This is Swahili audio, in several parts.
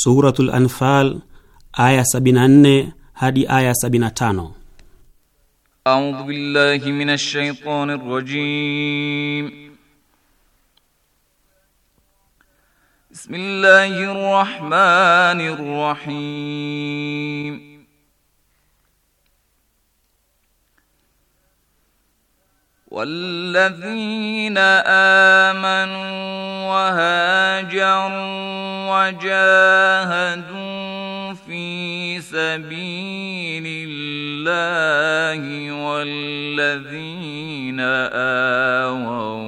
Suratul Anfal aya 74 hadi aya 75. أعوذ بالله من الشيطان الرجيم بسم الله الرحمن الرحيم والذين امنوا وهاجروا وجاهدوا في سبيل الله والذين اووا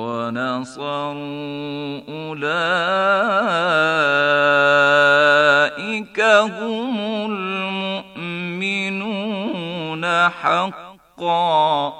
ونصروا اولئك هم المؤمنون حقا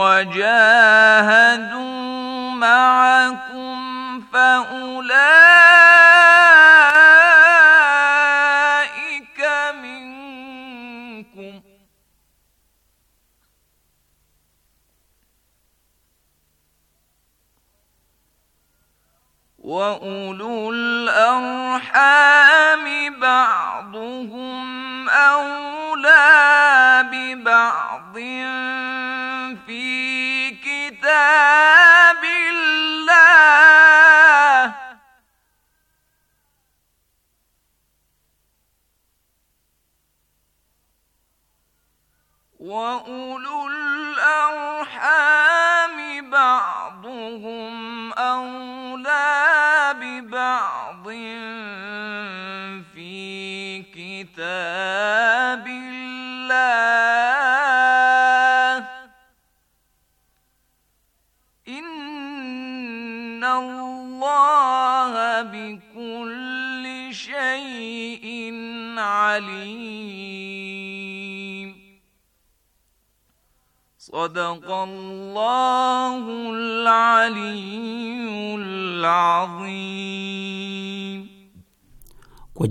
وجاهدوا معكم فأولئك وأولو الأرحام بعضهم أولى ببعض في كتاب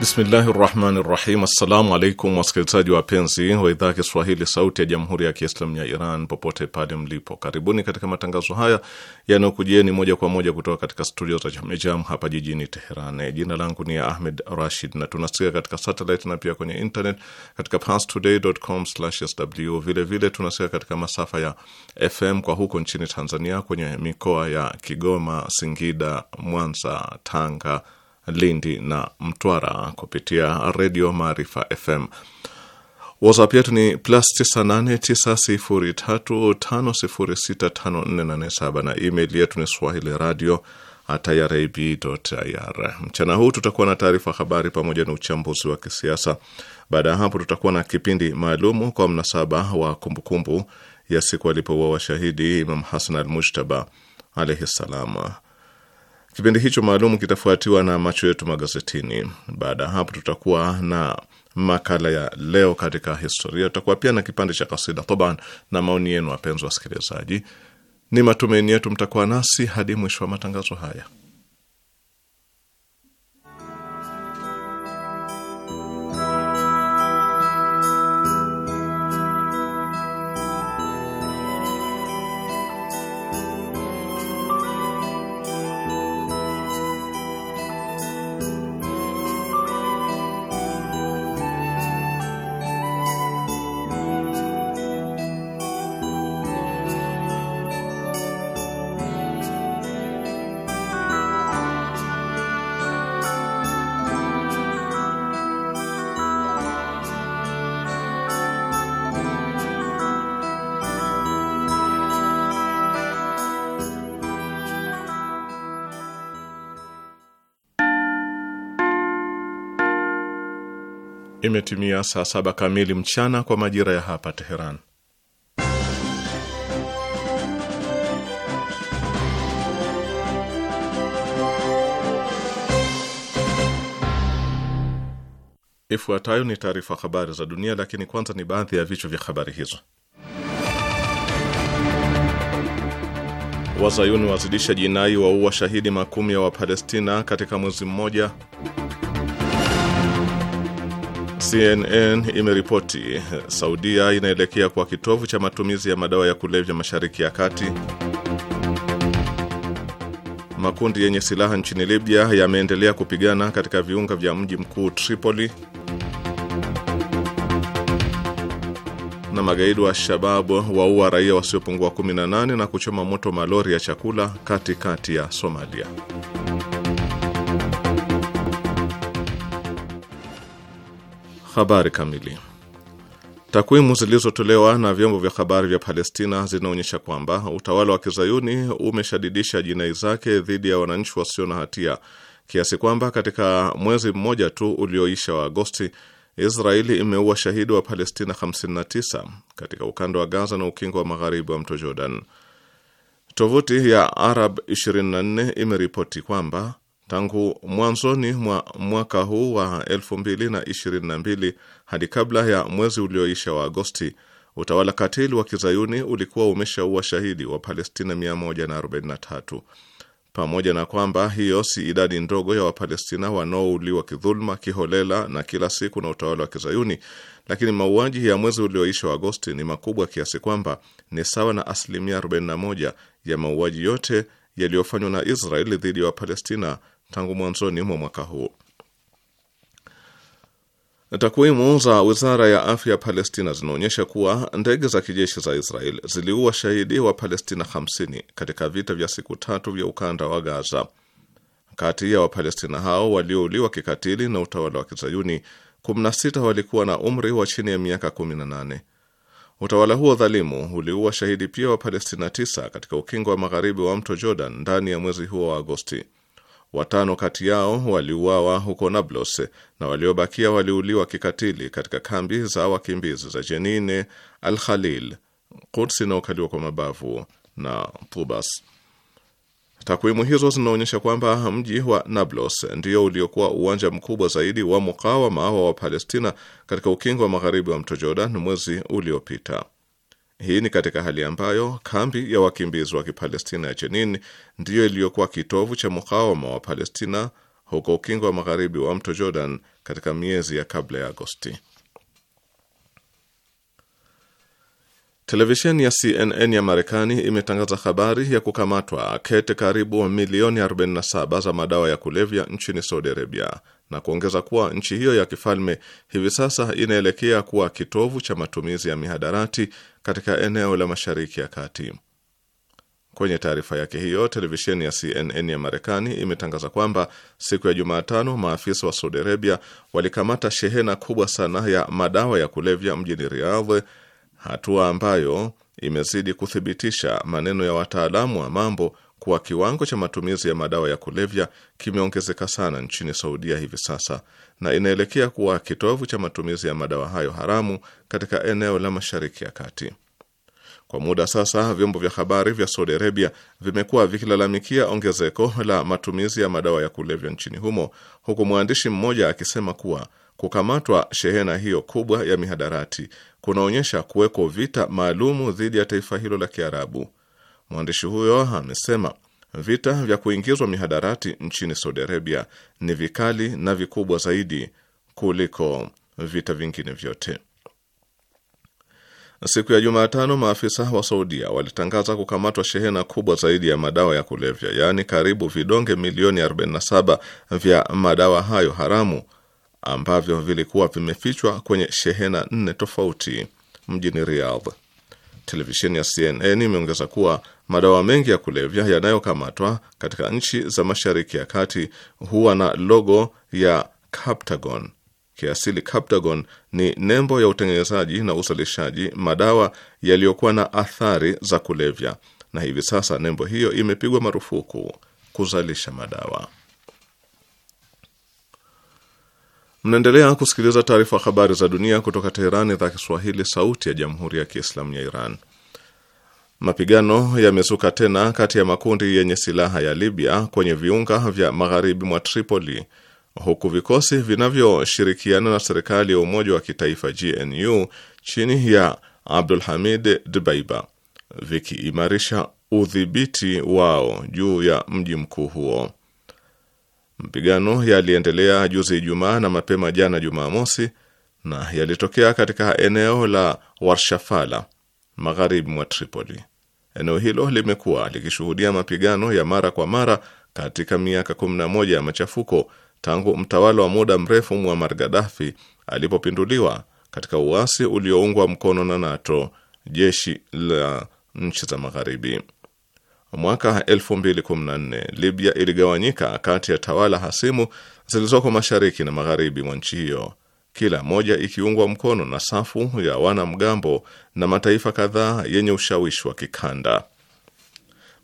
Bismillahi rahmani rahim. Assalamu alaikum wasikilizaji wapenzi wa idhaa ya Kiswahili sauti ya jamhuri ya kiislamu ya Iran popote pale mlipo, karibuni katika matangazo haya yanayokujieni moja kwa moja kutoka katika studio za Jamejam hapa jijini Teheran. Jina langu ni Ahmed Rashid na tunasikia katika satelit na pia kwenye internet katika parstoday.com/sw. Vilevile tunasikia katika masafa ya FM kwa huko nchini Tanzania, kwenye mikoa ya Kigoma, Singida, Mwanza, Tanga Lindi na Mtwara kupitia redio Maarifa FM. WhatsApp yetu ni plus 989035065487 na email yetu ni swahili radio irib.ir. Mchana huu tutakuwa na taarifa habari pamoja na uchambuzi wa kisiasa. Baada ya hapo, tutakuwa na kipindi maalumu kwa mnasaba wa kumbukumbu ya siku alipouawa washahidi Imam Hasan al mushtaba alaihi ssalam. Kipindi hicho maalum kitafuatiwa na macho yetu magazetini. Baada ya hapo, tutakuwa na makala ya leo katika historia, tutakuwa pia na kipande cha kasida toban na maoni yenu, wapenzi wasikilizaji. Ni matumaini yetu mtakuwa nasi hadi mwisho wa matangazo haya. Imetimia saa saba kamili mchana kwa majira ya hapa Teheran. Ifuatayo ni taarifa habari za dunia, lakini kwanza ni baadhi ya vichwa vya habari hizo. Wazayuni wazidisha jinai, waua shahidi makumi ya Wapalestina katika mwezi mmoja. CNN imeripoti Saudia inaelekea kwa kitovu cha matumizi ya madawa ya kulevya Mashariki ya Kati. Makundi yenye silaha nchini Libya yameendelea kupigana katika viunga vya mji mkuu Tripoli. Na magaidi wa Shababu waua raia wasiopungua 18 na kuchoma moto malori ya chakula katikati kati ya Somalia. Habari kamili. Takwimu zilizotolewa na vyombo vya habari vya Palestina zinaonyesha kwamba utawala wa kizayuni umeshadidisha jinai zake dhidi ya wananchi wasio na hatia kiasi kwamba katika mwezi mmoja tu ulioisha wa Agosti, Israeli imeua shahidi wa Palestina 59 katika ukanda wa Gaza na ukingo wa magharibi wa mto Jordan. Tovuti ya Arab 24 imeripoti kwamba Tangu mwanzoni mwa mwaka huu wa 2022 hadi kabla ya mwezi ulioisha wa Agosti, utawala katili wa kizayuni ulikuwa umeshaua shahidi wa Palestina 143. Pamoja na kwamba hiyo si idadi ndogo ya Wapalestina wanaouliwa kidhuluma, kiholela na kila siku na utawala wa kizayuni, lakini mauaji ya mwezi ulioisha wa Agosti ni makubwa kiasi kwamba ni sawa na asilimia 41 ya mauaji yote yaliyofanywa na Israeli dhidi ya Wapalestina tangu mwanzoni mwa mwaka huu. Takwimu za wizara ya afya ya Palestina zinaonyesha kuwa ndege za kijeshi za Israel ziliua shahidi wa Palestina 50 katika vita vya siku tatu vya ukanda wa Gaza. Kati ya Wapalestina hao waliouliwa kikatili na utawala wa Kizayuni, 16 walikuwa na umri wa chini ya miaka 18. Utawala huo dhalimu uliua shahidi pia Wapalestina 9 katika ukingo wa magharibi wa mto Jordan ndani ya mwezi huo wa Agosti. Watano kati yao waliuawa huko Nablus na waliobakia waliuliwa kikatili katika kambi za wakimbizi za Jenine, Al Khalil, Quds inaokaliwa kwa mabavu na Tubas. Takwimu hizo zinaonyesha kwamba mji wa Nablus ndio uliokuwa uwanja mkubwa zaidi wa mukawama wa Wapalestina katika ukingo wa magharibi wa mto Jordan mwezi uliopita. Hii ni katika hali ambayo kambi ya wakimbizi wa Kipalestina ya Jenin ndiyo iliyokuwa kitovu cha mukawama wa Palestina huko ukingo wa magharibi wa mto Jordan katika miezi ya kabla ya Agosti. Televisheni ya CNN ya Marekani imetangaza habari ya kukamatwa kete karibu milioni 47 za madawa ya kulevya nchini Saudi Arabia na kuongeza kuwa nchi hiyo ya kifalme hivi sasa inaelekea kuwa kitovu cha matumizi ya mihadarati katika eneo la Mashariki ya Kati. Kwenye taarifa yake hiyo, televisheni ya CNN ya Marekani imetangaza kwamba siku ya Jumatano maafisa wa Saudi Arabia walikamata shehena kubwa sana ya madawa ya kulevya mjini Riyadh hatua ambayo imezidi kuthibitisha maneno ya wataalamu wa mambo kuwa kiwango cha matumizi ya madawa ya kulevya kimeongezeka sana nchini Saudia hivi sasa na inaelekea kuwa kitovu cha matumizi ya madawa hayo haramu katika eneo la Mashariki ya Kati. Kwa muda sasa, vyombo vya habari vya Saudi Arabia vimekuwa vikilalamikia ongezeko la matumizi ya madawa ya kulevya nchini humo, huku mwandishi mmoja akisema kuwa Kukamatwa shehena hiyo kubwa ya mihadarati kunaonyesha kuwekwa vita maalumu dhidi ya taifa hilo la Kiarabu. Mwandishi huyo amesema vita vya kuingizwa mihadarati nchini Saudi Arabia ni vikali na vikubwa zaidi kuliko vita vingine vyote. Siku ya Jumatano, maafisa wa Saudia walitangaza kukamatwa shehena kubwa zaidi ya madawa ya kulevya, yaani karibu vidonge milioni 47 vya madawa hayo haramu ambavyo vilikuwa vimefichwa kwenye shehena nne tofauti mjini Riyadh. Televisheni ya CNN imeongeza kuwa madawa mengi ya kulevya yanayokamatwa katika nchi za Mashariki ya Kati huwa na logo ya Captagon. Kiasili, Captagon ni nembo ya utengenezaji na uzalishaji madawa yaliyokuwa na athari za kulevya, na hivi sasa nembo hiyo imepigwa marufuku kuzalisha madawa. Mnaendelea kusikiliza taarifa habari za dunia kutoka Teherani, idhaa Kiswahili, sauti ya jamhuri ya kiislamu ya Iran. Mapigano yamezuka tena kati ya makundi yenye silaha ya Libya kwenye viunga vya magharibi mwa Tripoli, huku vikosi vinavyoshirikiana na serikali ya umoja wa kitaifa GNU chini ya Abdul Hamid Dbeiba vikiimarisha udhibiti wao juu ya mji mkuu huo. Mapigano yaliendelea juzi Ijumaa na mapema jana Jumamosi, na yalitokea katika eneo la Warshafala magharibi mwa Tripoli. Eneo hilo limekuwa likishuhudia mapigano ya mara kwa mara katika miaka 11 ya machafuko tangu mtawala wa muda mrefu Muammar Gaddafi alipopinduliwa katika uasi ulioungwa mkono na NATO, jeshi la nchi za magharibi mwaka 2014 Libya iligawanyika kati ya tawala hasimu zilizoko mashariki na magharibi mwa nchi hiyo, kila moja ikiungwa mkono na safu ya wanamgambo na mataifa kadhaa yenye ushawishi wa kikanda.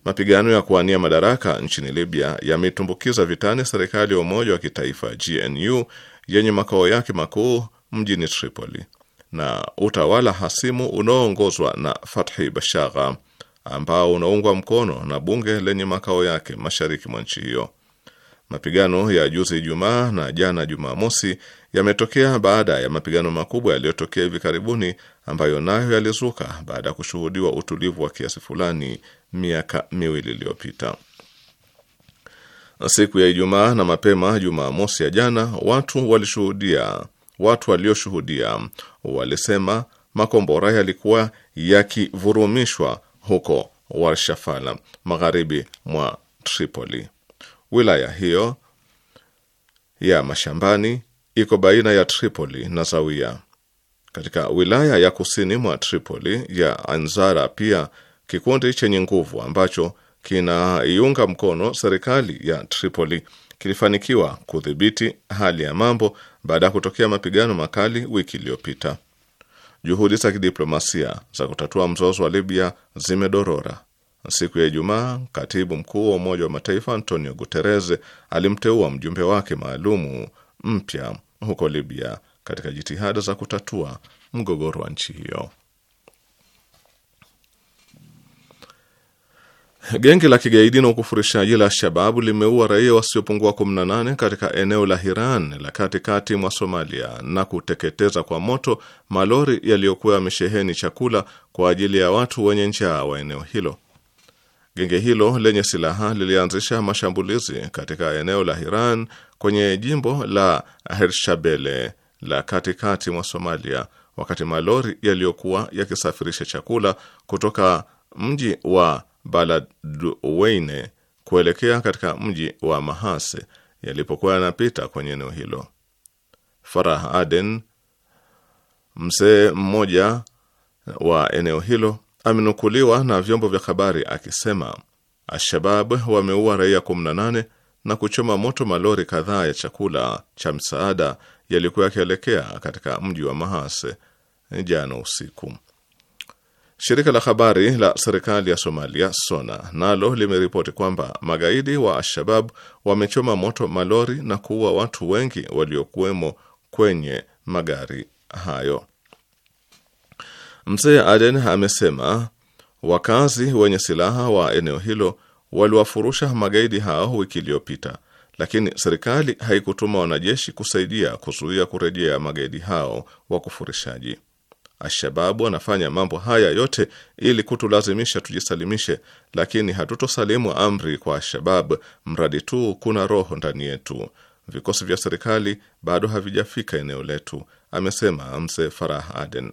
Mapigano ya kuwania madaraka nchini Libya yametumbukiza vitani serikali ya umoja wa kitaifa GNU yenye makao yake makuu mjini Tripoli na utawala hasimu unaoongozwa na Fathi Bashagha ambao unaungwa mkono na bunge lenye makao yake mashariki mwa nchi hiyo. Mapigano ya juzi Ijumaa na jana Jumamosi yametokea baada ya mapigano makubwa yaliyotokea hivi karibuni ambayo nayo yalizuka baada ya kushuhudiwa utulivu wa kiasi fulani miaka miwili iliyopita. Siku ya Ijumaa na mapema Jumamosi ya jana, watu walishuhudia, watu walioshuhudia walisema makombora yalikuwa yakivurumishwa huko Warshafala, magharibi mwa Tripoli. Wilaya hiyo ya mashambani iko baina ya Tripoli na zawia Katika wilaya ya kusini mwa Tripoli ya Anzara pia kikundi chenye nguvu ambacho kinaiunga mkono serikali ya Tripoli kilifanikiwa kudhibiti hali ya mambo baada ya kutokea mapigano makali wiki iliyopita. Juhudi za kidiplomasia za kutatua mzozo wa Libya zimedorora. Siku ya Ijumaa, katibu mkuu wa Umoja wa Mataifa Antonio Guterres alimteua mjumbe wake maalumu mpya huko Libya katika jitihada za kutatua mgogoro wa nchi hiyo. Genge la kigaidi na ukufurishaji la Shababu limeua raia wasiopungua 18 katika eneo la Hiran la katikati mwa Somalia na kuteketeza kwa moto malori yaliyokuwa yamesheheni chakula kwa ajili ya watu wenye njaa wa eneo hilo. Genge hilo lenye silaha lilianzisha mashambulizi katika eneo la Hiran kwenye jimbo la hershabele la katikati mwa Somalia wakati malori yaliyokuwa yakisafirisha chakula kutoka mji wa Baladweine kuelekea katika mji wa Mahase yalipokuwa yanapita kwenye eneo hilo. Farah Aden, mzee mmoja wa eneo hilo, amenukuliwa na vyombo vya habari akisema Alshabab wameua raia 18 na kuchoma moto malori kadhaa ya chakula cha msaada yalikuwa yakielekea katika mji wa Mahase jana usiku. Shirika la habari la serikali ya Somalia SONA nalo limeripoti kwamba magaidi wa Al-Shabab wamechoma moto malori na kuua watu wengi waliokuwemo kwenye magari hayo. Mzee Aden amesema wakazi wenye silaha wa eneo hilo waliwafurusha magaidi hao wiki iliyopita, lakini serikali haikutuma wanajeshi kusaidia kuzuia kurejea magaidi hao wa kufurishaji Alshababu anafanya mambo haya yote ili kutulazimisha tujisalimishe, lakini hatutosalimu amri kwa Alshabab mradi tu kuna roho ndani yetu. Vikosi vya serikali bado havijafika eneo letu, amesema mzee Farah Aden.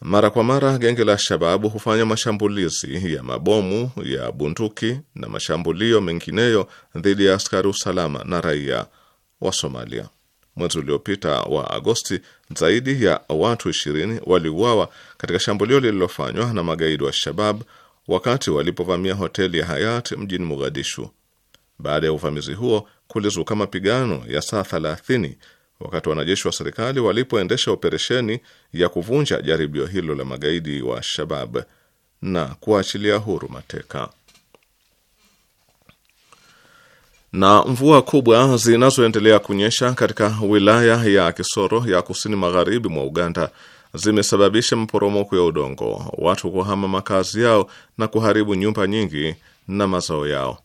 Mara kwa mara genge la Shababu hufanya mashambulizi ya mabomu ya bunduki na mashambulio mengineyo dhidi ya askari usalama na raia wa Somalia mwezi uliopita wa Agosti, zaidi ya watu ishirini waliuawa katika shambulio lililofanywa na magaidi wa Shabab wakati walipovamia hoteli ya Hayat mjini Mogadishu. Baada ya uvamizi huo, kulizuka mapigano ya saa 30 wakati wanajeshi wa serikali walipoendesha operesheni ya kuvunja jaribio hilo la magaidi wa Shabab na kuachilia huru mateka. Na mvua kubwa zinazoendelea kunyesha katika wilaya ya Kisoro ya kusini magharibi mwa Uganda zimesababisha maporomoko ya udongo, watu kuhama makazi yao na kuharibu nyumba nyingi na mazao yao.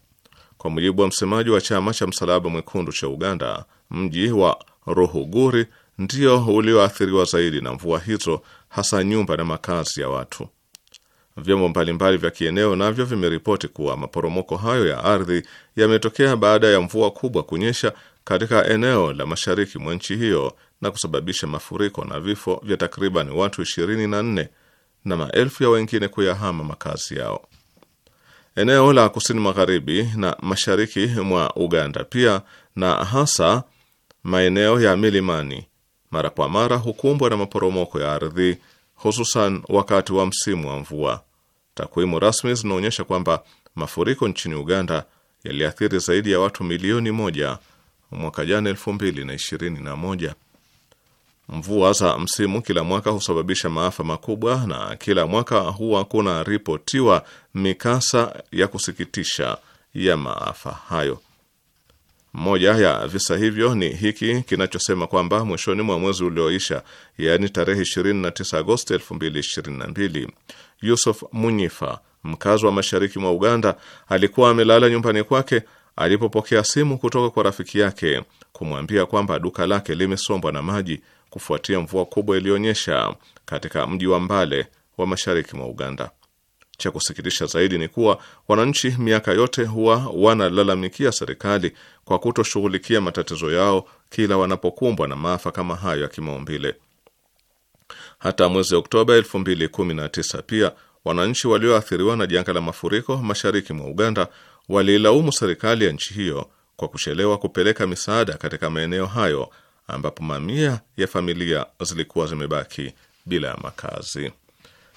Kwa mujibu wa msemaji wa chama cha Msalaba Mwekundu cha Uganda, mji wa Ruhuguri ndio ulioathiriwa zaidi na mvua hizo, hasa nyumba na makazi ya watu. Vyombo mbalimbali vya kieneo navyo vimeripoti kuwa maporomoko hayo ya ardhi yametokea baada ya mvua kubwa kunyesha katika eneo la mashariki mwa nchi hiyo na kusababisha mafuriko na vifo vya takriban watu 24 na maelfu ya wengine kuyahama makazi yao. Eneo la kusini magharibi na mashariki mwa Uganda pia na hasa maeneo ya milimani mara kwa mara hukumbwa na maporomoko ya ardhi, hususan wakati wa msimu wa mvua. Takwimu rasmi zinaonyesha kwamba mafuriko nchini Uganda yaliathiri zaidi ya watu milioni moja mwaka jana elfu mbili na ishirini na moja. Mvua za msimu kila mwaka husababisha maafa makubwa na kila mwaka huwa kuna ripotiwa mikasa ya kusikitisha ya maafa hayo. Moja ya visa hivyo ni hiki kinachosema kwamba mwishoni mwa mwezi ulioisha, yaani tarehe 29 Agosti 2022, Yusuf Munyifa, mkazi wa mashariki mwa Uganda, alikuwa amelala nyumbani kwake alipopokea simu kutoka kwa rafiki yake kumwambia kwamba duka lake limesombwa na maji kufuatia mvua kubwa iliyonyesha katika mji wa Mbale wa mashariki mwa Uganda. Cha kusikitisha zaidi ni kuwa wananchi miaka yote huwa wanalalamikia serikali kwa kutoshughulikia matatizo yao kila wanapokumbwa na maafa kama hayo ya kimaumbile. Hata mwezi Oktoba 2019 pia wananchi walioathiriwa na janga la mafuriko mashariki mwa Uganda waliilaumu serikali ya nchi hiyo kwa kuchelewa kupeleka misaada katika maeneo hayo ambapo mamia ya familia zilikuwa zimebaki bila ya makazi.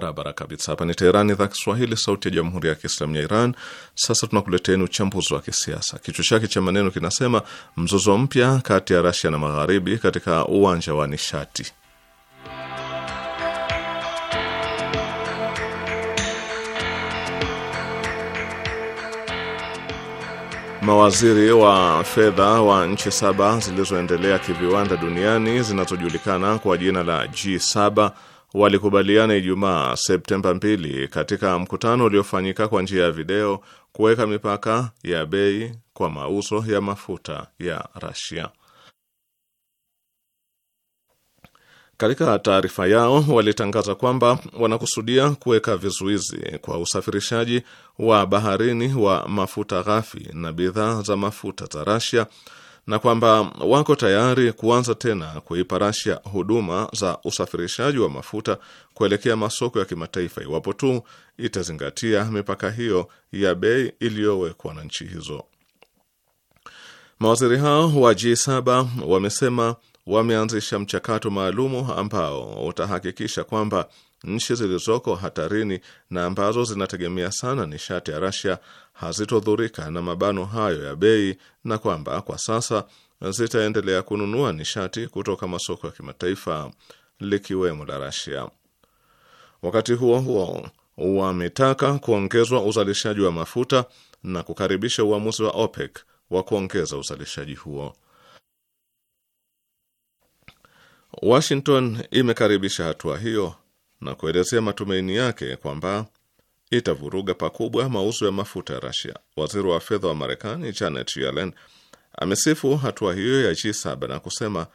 barabara kabisa. Hapa ni Teherani, idhaa Kiswahili, sauti ya jamhuri ya kiislamu ya Iran. Sasa tunakuleteeni uchambuzi wa kisiasa, kichwa chake cha maneno kinasema mzozo mpya kati ya Rasia na magharibi katika uwanja wa nishati. Mawaziri wa fedha wa nchi saba zilizoendelea kiviwanda duniani zinazojulikana kwa jina la G7 walikubaliana Ijumaa Septemba 2 katika mkutano uliofanyika kwa njia ya video kuweka mipaka ya bei kwa mauzo ya mafuta ya Rasia. Katika taarifa yao walitangaza kwamba wanakusudia kuweka vizuizi kwa usafirishaji wa baharini wa mafuta ghafi na bidhaa za mafuta za Rasia na kwamba wako tayari kuanza tena kuipa Rasia huduma za usafirishaji wa mafuta kuelekea masoko ya kimataifa iwapo tu itazingatia mipaka hiyo ya bei iliyowekwa na nchi hizo. Mawaziri hao wa G7 wamesema wameanzisha mchakato maalumu ambao utahakikisha kwamba Nchi zilizoko hatarini na ambazo zinategemea sana nishati ya Rasia hazitodhurika na mabano hayo ya bei, na kwamba kwa sasa zitaendelea kununua nishati kutoka masoko ya kimataifa likiwemo la Rasia. Wakati huo huo, wametaka kuongezwa uzalishaji wa mafuta na kukaribisha uamuzi wa OPEC wa kuongeza uzalishaji huo. Washington imekaribisha hatua hiyo na kuelezea matumaini yake kwamba itavuruga pakubwa mauzo ya mafuta ya Rasia. Waziri wa fedha wa Marekani Janet Yellen amesifu hatua hiyo ya G7 na kusema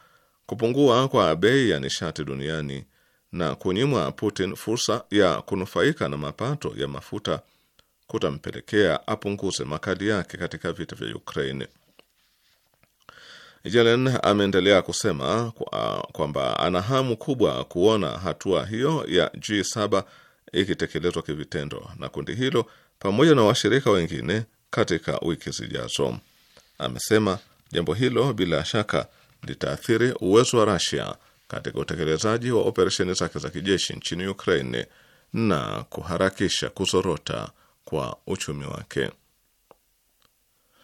kupungua kwa bei ya nishati duniani na kunyimwa Putin fursa ya kunufaika na mapato ya mafuta kutampelekea apunguze makali yake katika vita vya Ukraine. Jelen ameendelea kusema kwamba kwa ana hamu kubwa kuona hatua hiyo ya G7 ikitekelezwa kivitendo na kundi hilo pamoja na washirika wengine katika wiki zijazo. Amesema jambo hilo bila shaka litaathiri uwezo wa Russia katika utekelezaji wa operesheni zake za kijeshi nchini Ukraine na kuharakisha kuzorota kwa uchumi wake.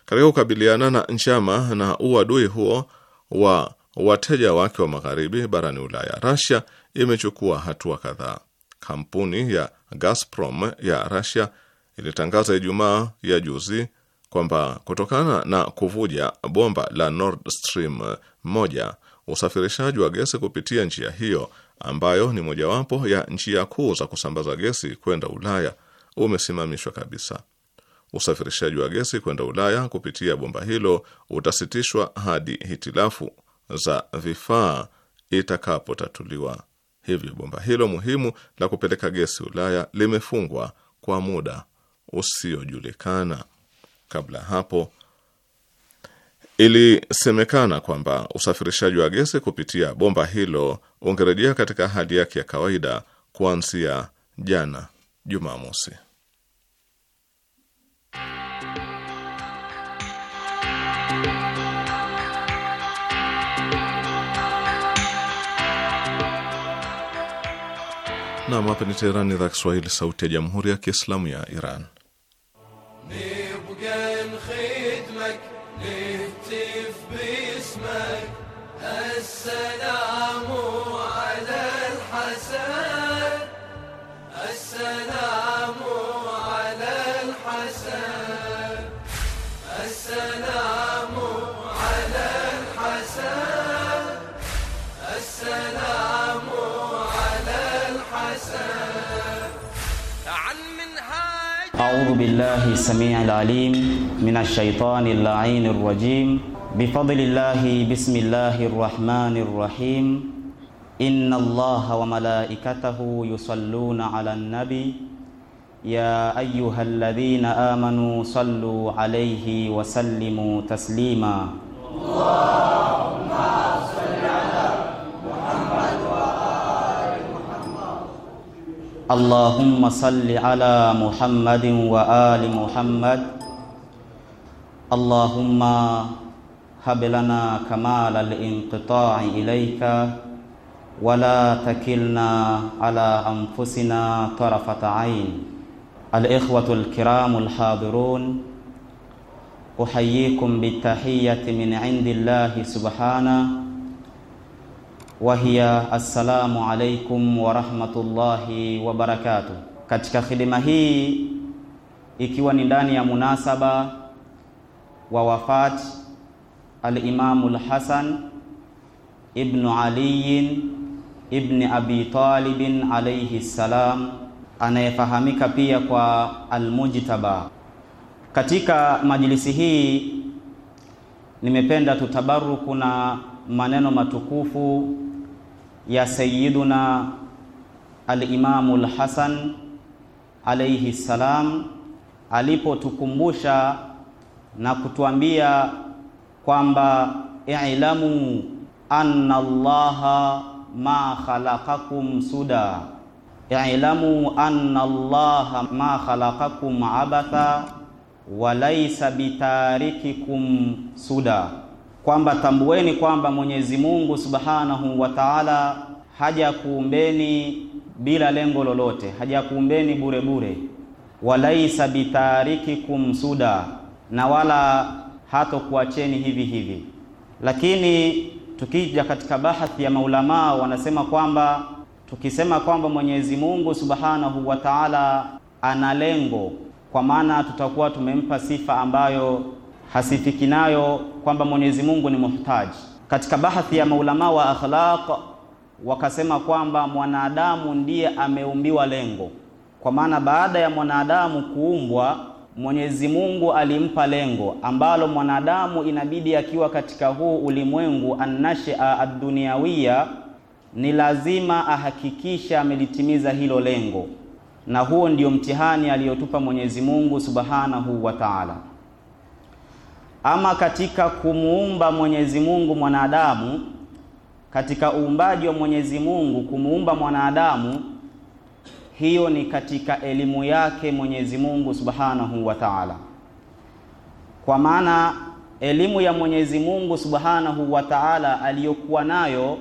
Katika kukabiliana na njama na uadui huo wa wateja wake wa magharibi barani Ulaya, Russia imechukua hatua kadhaa. Kampuni ya Gazprom ya Russia ilitangaza Ijumaa ya juzi kwamba kutokana na kuvuja bomba la Nord Stream moja, usafirishaji wa gesi kupitia njia hiyo ambayo ni mojawapo ya njia kuu za kusambaza gesi kwenda Ulaya umesimamishwa kabisa. Usafirishaji wa gesi kwenda Ulaya kupitia bomba hilo utasitishwa hadi hitilafu za vifaa itakapotatuliwa. Hivyo bomba hilo muhimu la kupeleka gesi Ulaya limefungwa kwa muda usiojulikana. Kabla hapo ilisemekana kwamba usafirishaji wa gesi kupitia bomba hilo ungerejea katika hali yake ya kawaida kuanzia jana Jumamosi. Nam, hapa ni teheran idhaa Kiswahili, sauti ya jamhuri ya kiislamu ya Iran. بالله السميع العليم من الشيطان اللعين الرجيم بفضل الله بسم الله الرحمن الرحيم إن الله وملائكته يصلون على النبي يا أيها الذين آمنوا صلوا عليه وسلموا تسليما اللهم اللهم صل على محمد وآل محمد اللهم هب لنا كمال الانقطاع إليك ولا تكلنا على أنفسنا طرفة عين الإخوة الكرام الحاضرون أحييكم بالتحية من عند الله سبحانه wahiya assalamu alaikum warahmatullahi wabarakatuh. Katika khidma hii ikiwa ni ndani ya munasaba wa wafat alimamu lhasan ibnu aliyin ibni abi talibin alaihi ssalam, anayefahamika pia kwa Almujtaba. Katika majlisi hii nimependa tutabaruku na maneno matukufu ya Sayyiduna al-Imamu al-Hasan alayhi salam alipotukumbusha na kutuambia kwamba i'lamu anna Allaha ma khalaqakum suda i'lamu anna Allaha ma khalaqakum abatha wa laysa bitarikikum suda kwamba tambueni kwamba Mwenyezi Mungu Subhanahu wa Ta'ala hajakuumbeni bila lengo lolote, hajakuumbeni bure bure. Walaisa bitarikikum suda, na wala hatokuacheni hivi hivi. Lakini tukija katika bahathi ya maulamaa wanasema kwamba tukisema kwamba Mwenyezi Mungu Subhanahu wa Ta'ala ana lengo, kwa maana tutakuwa tumempa sifa ambayo hasifiki nayo kwamba Mwenyezi Mungu ni muhtaji. Katika bahathi ya maulamaa wa akhlaq wakasema kwamba mwanadamu ndiye ameumbiwa lengo, kwa maana baada ya mwanadamu kuumbwa Mwenyezi Mungu alimpa lengo ambalo mwanadamu inabidi akiwa katika huu ulimwengu annashaa adduniawiya, ni lazima ahakikisha amelitimiza hilo lengo, na huo ndio mtihani aliyotupa Mwenyezi Mungu subhanahu wa Ta'ala ama katika kumuumba Mwenyezi Mungu mwanadamu, katika uumbaji wa Mwenyezi Mungu kumuumba mwanadamu, hiyo ni katika elimu yake Mwenyezi Mungu Subhanahu wa Ta'ala, kwa maana elimu ya Mwenyezi Mungu Subhanahu wa Ta'ala aliyokuwa nayo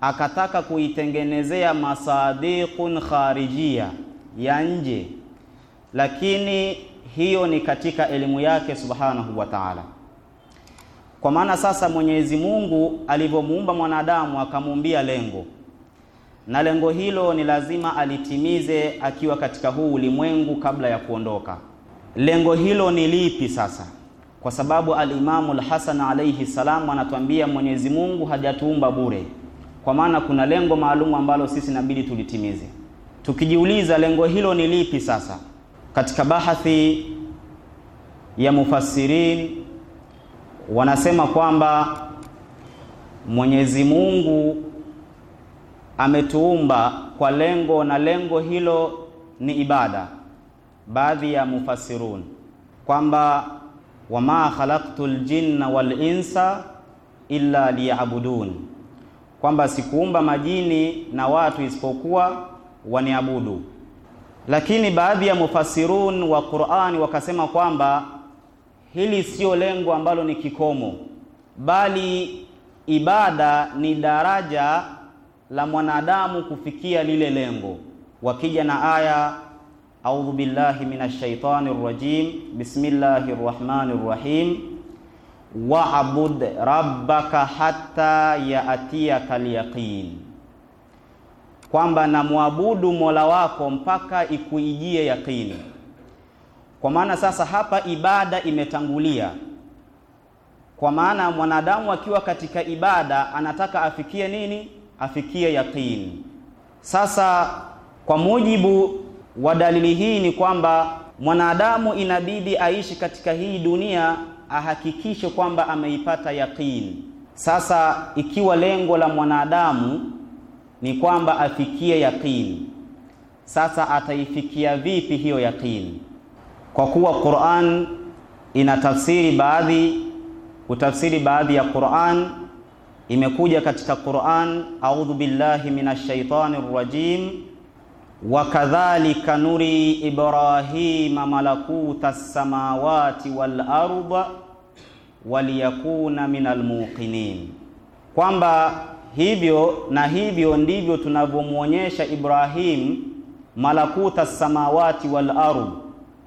akataka kuitengenezea masadiqun kharijia ya nje, lakini hiyo ni katika elimu yake subhanahu wa ta'ala. Kwa maana sasa Mwenyezi Mungu alivyomuumba mwanadamu akamuumbia lengo, na lengo hilo ni lazima alitimize akiwa katika huu ulimwengu kabla ya kuondoka. Lengo hilo ni lipi sasa? Kwa sababu alimamu Alhasan alaihi salam anatuambia Mwenyezi Mungu hajatuumba bure, kwa maana kuna lengo maalumu ambalo sisi inabidi tulitimize. Tukijiuliza lengo hilo ni lipi sasa katika bahathi ya mufassirin wanasema kwamba Mwenyezi Mungu ametuumba kwa lengo na lengo hilo ni ibada. Baadhi ya mufassirun kwamba wama khalaqtul jinna wal insa illa liyabudun, kwamba sikuumba majini na watu isipokuwa waniabudu. Lakini baadhi ya mufasirun wa Qur'ani wakasema kwamba hili sio lengo ambalo ni kikomo, bali ibada ni daraja la mwanadamu kufikia lile lengo. Wakija na aya audhu billahi minash shaitani rrajim bismillahi rrahmani rahim wa'bud rabbaka hatta yaatiyaka yaqin kwamba namwabudu Mola wako mpaka ikuijie yakini. Kwa maana sasa hapa ibada imetangulia. Kwa maana mwanadamu akiwa katika ibada anataka afikie nini? Afikie yakini. Sasa kwa mujibu wa dalili hii ni kwamba mwanadamu inabidi aishi katika hii dunia ahakikishe kwamba ameipata yakini. Sasa ikiwa lengo la mwanadamu ni kwamba afikie yaqini. Sasa ataifikia vipi hiyo yaqini? Kwa kuwa Qur'an tafsiri baadhi, utafsiri baadhi ya Qur'an imekuja katika Qur'an, a'udhu billahi minash shaitani rrajim wa kadhalika nuri Ibrahima malakuta samawati wal arda waliyakuna minal muqinin, kwamba hivyo na hivyo ndivyo tunavyomwonyesha Ibrahim malakuta samawati wal ardh,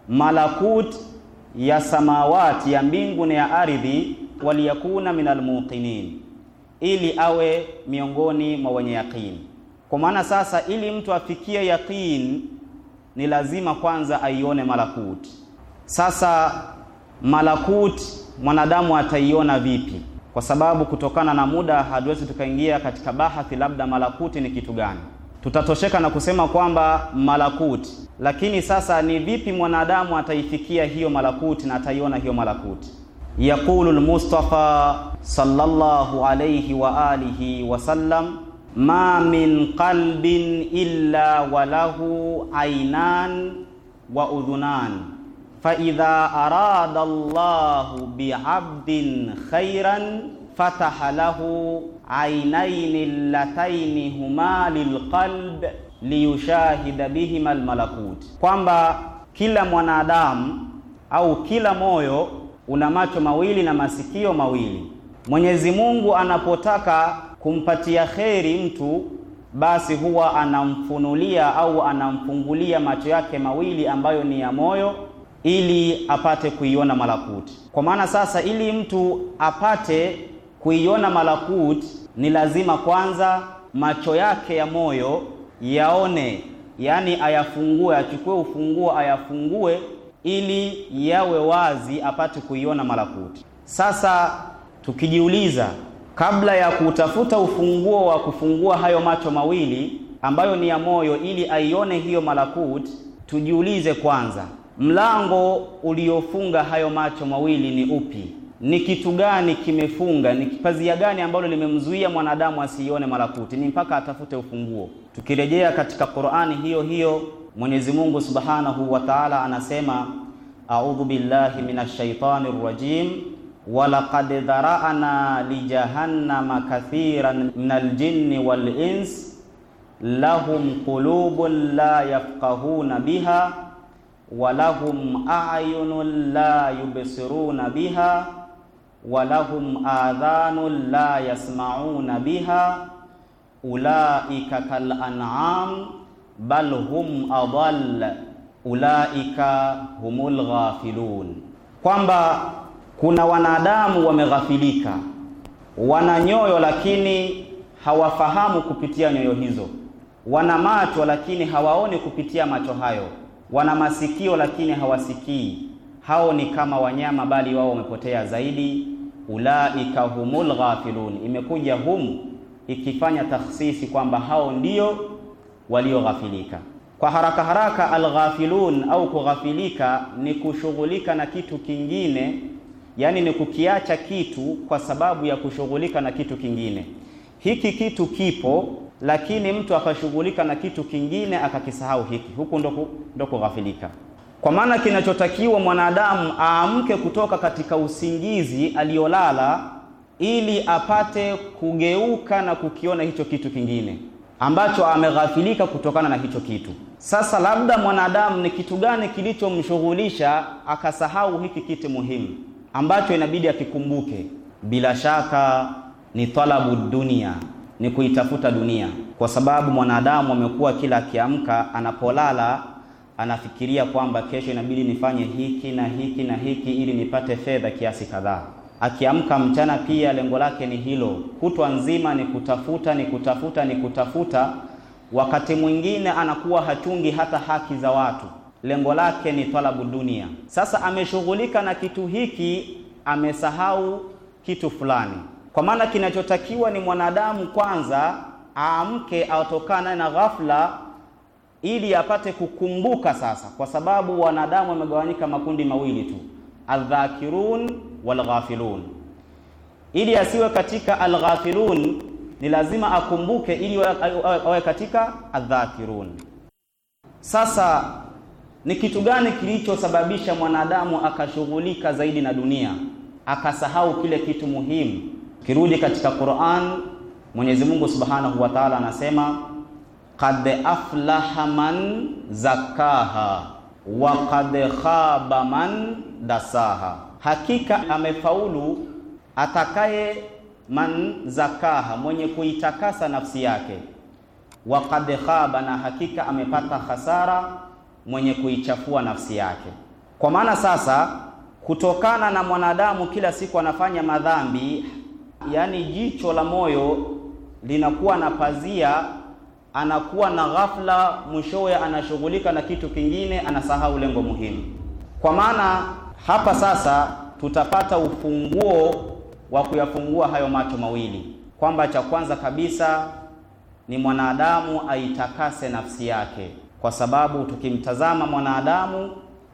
malakut ya samawati ya mbingu na ya ardhi, waliyakuna minal muqinin, ili awe miongoni mwa wenye yaqini. Kwa maana sasa, ili mtu afikie yaqini ni lazima kwanza aione malakut. Sasa malakut mwanadamu ataiona vipi? kwa sababu kutokana na muda hatuwezi tukaingia katika bahathi labda malakuti ni kitu gani. Tutatosheka na kusema kwamba malakuti, lakini sasa ni vipi mwanadamu ataifikia hiyo malakuti na ataiona hiyo malakuti? Yaqulu lmustafa sallallahu alayhi wa alihi sallam ma min qalbin illa walahu ainan wa udhunan faidha arada Allahu biabdin khairan fataha lahu ainaini llataini huma lilqalb liyushahida bihima almalakut, kwamba kila mwanadamu au kila moyo una macho mawili na masikio mawili. Mwenyezi Mungu anapotaka kumpatia kheri mtu basi huwa anamfunulia au anamfungulia macho yake mawili ambayo ni ya moyo ili apate kuiona malakuti. Kwa maana sasa, ili mtu apate kuiona malakuti, ni lazima kwanza macho yake ya moyo yaone, yaani ayafungue, achukue ufunguo ayafungue, ili yawe wazi, apate kuiona malakuti. Sasa tukijiuliza, kabla ya kutafuta ufunguo wa kufungua hayo macho mawili ambayo ni ya moyo, ili aione hiyo malakuti, tujiulize kwanza Mlango uliofunga hayo macho mawili ni upi? Ni kitu gani kimefunga? Ni pazia gani ambalo limemzuia mwanadamu asiione malakuti? Ni mpaka atafute ufunguo. Tukirejea katika Qur'ani hiyo hiyo, Mwenyezi Mungu Subhanahu wa Ta'ala anasema, a'udhu billahi minash shaitani rrajim walaqad dhara'na lijahannama kathiran minal jinni wal ins lahum qulubun la yafqahuna biha walahum ayunun la yubsiruna biha walahum adhanun la yasmauna biha ulaika kal an'am bal hum adall ulaika humul ghafilun, kwamba kuna wanadamu wameghafilika, wana nyoyo lakini hawafahamu kupitia nyoyo hizo, wana macho lakini hawaoni kupitia macho hayo wana masikio lakini hawasikii, hao ni kama wanyama, bali wao wamepotea zaidi. Ulaika humul ghafilun, imekuja hum ikifanya takhsisi kwamba hao ndio walioghafilika. Kwa haraka haraka, alghafilun au kughafilika ni kushughulika na kitu kingine, yani ni kukiacha kitu kwa sababu ya kushughulika na kitu kingine. Hiki kitu kipo lakini mtu akashughulika na kitu kingine akakisahau hiki, huku ndo kughafilika. Kwa maana kinachotakiwa mwanadamu aamke kutoka katika usingizi aliyolala, ili apate kugeuka na kukiona hicho kitu kingine ambacho ameghafilika kutokana na hicho kitu. Sasa labda mwanadamu ni kitu gani kilichomshughulisha akasahau hiki kitu muhimu ambacho inabidi akikumbuke? Bila shaka ni talabu dunia ni kuitafuta dunia, kwa sababu mwanadamu amekuwa kila akiamka, anapolala anafikiria kwamba kesho inabidi nifanye hiki na hiki na hiki ili nipate fedha kiasi kadhaa. Akiamka mchana pia lengo lake ni hilo, kutwa nzima ni kutafuta, ni kutafuta, ni kutafuta. Wakati mwingine anakuwa hachungi hata haki za watu, lengo lake ni talabu dunia. Sasa ameshughulika na kitu hiki, amesahau kitu fulani kwa maana kinachotakiwa ni mwanadamu kwanza aamke atokana na ghafla, ili apate kukumbuka sasa, kwa sababu wanadamu wamegawanyika makundi mawili tu, aldhakirun walghafilun. Ili asiwe katika alghafilun, ni lazima akumbuke ili awe katika aldhakirun. Sasa ni kitu gani kilichosababisha mwanadamu akashughulika zaidi na dunia akasahau kile kitu muhimu Kirudi katika Qur'an, Mwenyezi Mungu Subhanahu wa Ta'ala anasema qad aflaha man zakaha wa qad khaba man dasaha, hakika amefaulu atakaye man zakaha, mwenye kuitakasa nafsi yake, wa qad khaba, na hakika amepata hasara mwenye kuichafua nafsi yake. Kwa maana sasa, kutokana na mwanadamu kila siku anafanya madhambi yaani jicho la moyo linakuwa na pazia, anakuwa na ghafla, mwishowe anashughulika na kitu kingine, anasahau lengo muhimu. Kwa maana hapa sasa tutapata ufunguo wa kuyafungua hayo macho mawili, kwamba cha kwanza kabisa ni mwanadamu aitakase nafsi yake, kwa sababu tukimtazama mwanadamu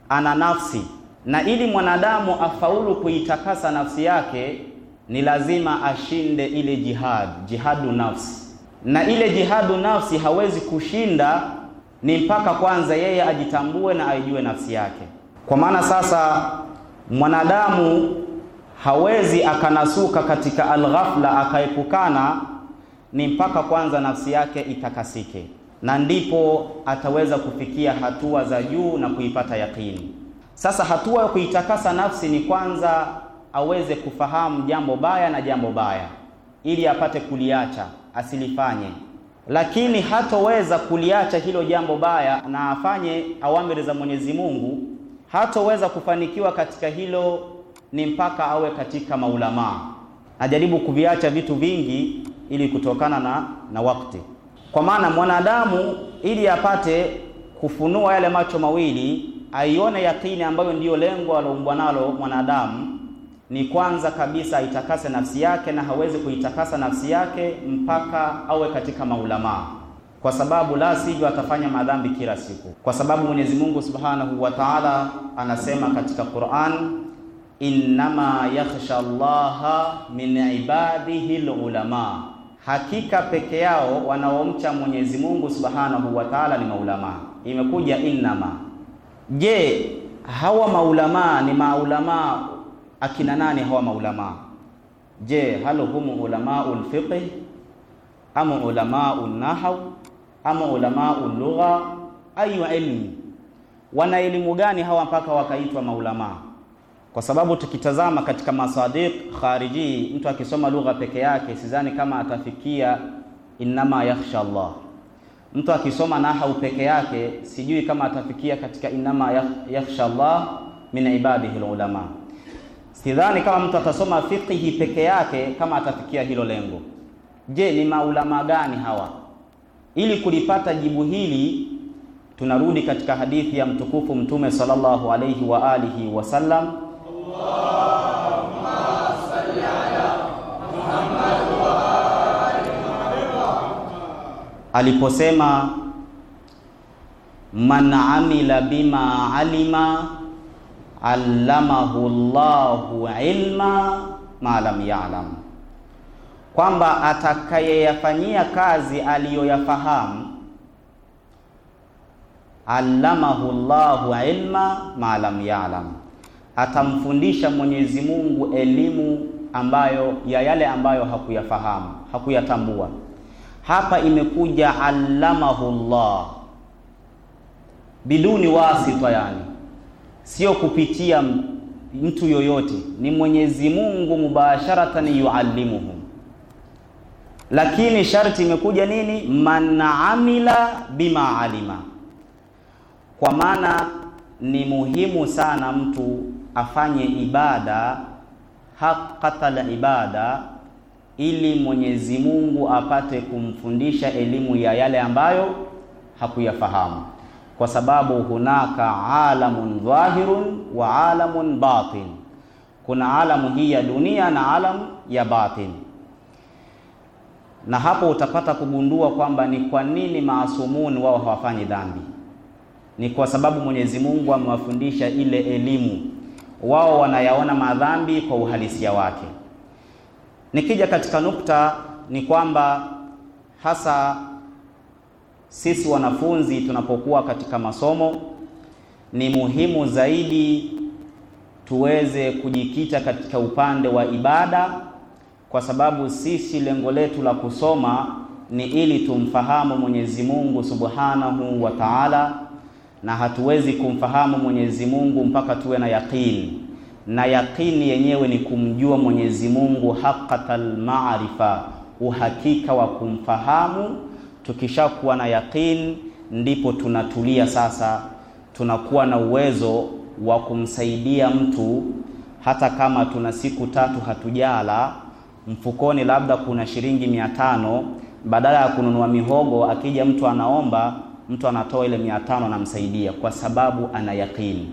ana nafsi, na ili mwanadamu afaulu kuitakasa nafsi yake ni lazima ashinde ile jihad, jihadu nafsi, na ile jihadu nafsi hawezi kushinda ni mpaka kwanza yeye ajitambue na aijue nafsi yake. Kwa maana sasa mwanadamu hawezi akanasuka katika alghafla akaepukana, ni mpaka kwanza nafsi yake itakasike, na ndipo ataweza kufikia hatua za juu na kuipata yaqini Sasa hatua ya kuitakasa nafsi ni kwanza aweze kufahamu jambo baya na jambo baya, ili apate kuliacha asilifanye, lakini hatoweza kuliacha hilo jambo baya na afanye awamiri za Mwenyezi Mungu, hatoweza kufanikiwa katika hilo ni mpaka awe katika maulamaa, ajaribu kuviacha vitu vingi ili kutokana na, na wakati. Kwa maana mwanadamu ili apate kufunua yale macho mawili aione yakini, ambayo ndiyo lengo aloumbwa nalo mwanadamu ni kwanza kabisa aitakase nafsi yake, na hawezi kuitakasa nafsi yake mpaka awe katika maulamaa, kwa sababu la sivyo atafanya madhambi kila siku, kwa sababu Mwenyezi Mungu Subhanahu wa Ta'ala anasema katika Qur'an, innama yakhsha Allaha min ibadihi lulamaa, hakika peke yao wanaomcha Mwenyezi Mungu Subhanahu wa Ta'ala ni maulamaa. Imekuja innama. Je, hawa maulamaa ni maulamaa akina nani hawa maulamaa? Je, hal hum ulama fiqh ama ulama nahw ama ulama lugha ayu ilmi? Wana elimu gani hawa mpaka wakaitwa maulamaa? Kwa sababu tukitazama katika masadiq khariji, mtu akisoma lugha peke yake sidhani kama atafikia innama yakhsha Allah. Mtu akisoma nahau peke yake sijui kama atafikia katika innama yakhsha Allah min ibadihi ulama. Sidhani kama mtu atasoma fiqhi peke yake kama atafikia hilo lengo. Je, ni maulama gani hawa? Ili kulipata jibu hili, tunarudi katika hadithi ya mtukufu Mtume sallallahu alayhi wa alihi wasallam, Allahumma salli ala Muhammad wa ali Muhammad, aliposema man amila bima alima allamahu llahu ilma ma lam ya'lam, kwamba atakayeyafanyia kazi aliyoyafahamu allamahu llahu ilma ma lam ya'lam, atamfundisha Mwenyezi Mungu elimu ambayo ya yale ambayo hakuyafahamu hakuyatambua. Hapa imekuja allamahu llah biduni wasita, yani sio kupitia mtu yoyote, ni Mwenyezi Mungu mubasharatan yuallimuhum. Lakini sharti imekuja nini? Man amila bima alima, kwa maana ni muhimu sana mtu afanye ibada la ibada, ili Mwenyezi Mungu apate kumfundisha elimu ya yale ambayo hakuyafahamu kwa sababu hunaka alamun dhahirun wa alamun batin, kuna alamu hii ya dunia na alamu ya batin. Na hapo utapata kugundua kwamba ni kwa nini maasumun wao hawafanyi dhambi. Ni kwa sababu Mwenyezi Mungu amewafundisha ile elimu, wao wanayaona madhambi kwa uhalisia wake. Nikija katika nukta ni kwamba hasa sisi wanafunzi tunapokuwa katika masomo, ni muhimu zaidi tuweze kujikita katika upande wa ibada, kwa sababu sisi lengo letu la kusoma ni ili tumfahamu Mwenyezi Mungu Subhanahu wa Ta'ala, na hatuwezi kumfahamu Mwenyezi Mungu mpaka tuwe na yaqini, na yaqini yenyewe ni kumjua Mwenyezi Mungu haqqatal ma'rifa, uhakika wa kumfahamu Tukishakuwa na yaqin, ndipo tunatulia sasa, tunakuwa na uwezo wa kumsaidia mtu, hata kama tuna siku tatu hatujala, mfukoni labda kuna shilingi mia tano, badala ya kununua mihogo, akija mtu anaomba, mtu anatoa ile mia tano anamsaidia, kwa sababu ana yaqini.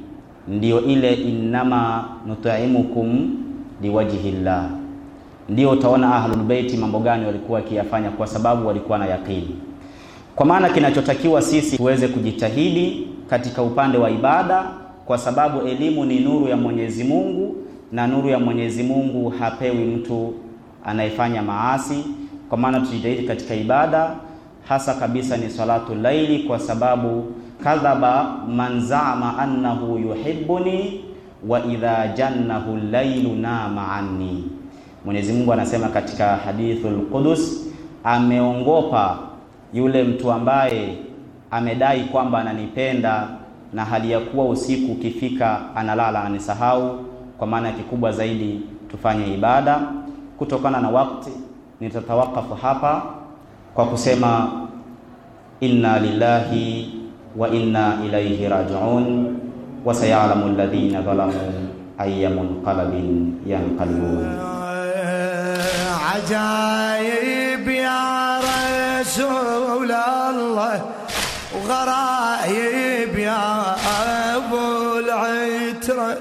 Ndiyo ile innama nutaimukum liwajhi llah ndio utaona ahlulbeiti mambo gani walikuwa wakiyafanya, kwa sababu walikuwa na yaqini. Kwa maana kinachotakiwa sisi tuweze kujitahidi katika upande wa ibada, kwa sababu elimu ni nuru ya Mwenyezi Mungu, na nuru ya Mwenyezi Mungu hapewi mtu anayefanya maasi. Kwa maana tujitahidi katika ibada, hasa kabisa ni salatu laili, kwa sababu kadhaba man zama annahu yuhibbuni wa idha jannahu lailu nama anni Mwenyezi Mungu anasema katika hadithul Qudus, ameongopa yule mtu ambaye amedai kwamba ananipenda na hali ya kuwa usiku ukifika analala anisahau. Kwa maana kikubwa zaidi tufanye ibada. Kutokana na wakati, nitatawakafu hapa kwa kusema inna lillahi wa inna ilaihi rajiun, wa sayalamu alladhina dhalamu ayyamun qalbin yanqalibun. عجايب يا رسول الله وغرايب يا ابو العتره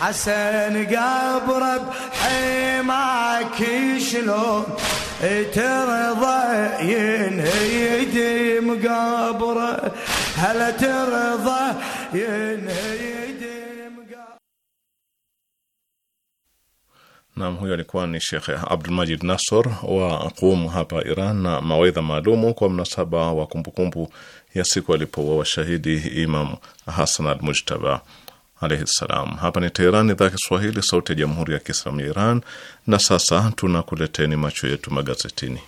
حسن قبره بحماك شلون ترضى ينهيد مقبره هل ترضى ينهي Nam, huyo alikuwa ni shekhe Abdulmajid Nasor wa Qum hapa Iran, na mawaidha maalumu kwa mnasaba wa kumbukumbu ya siku alipoua shahidi Imam Hasan al Mujtaba alaihi ssalam. Hapa ni Teheran, idhaa Kiswahili, sauti ya jamhuri ya kiislamu ya Iran. Na sasa tunakuleteni macho yetu magazetini.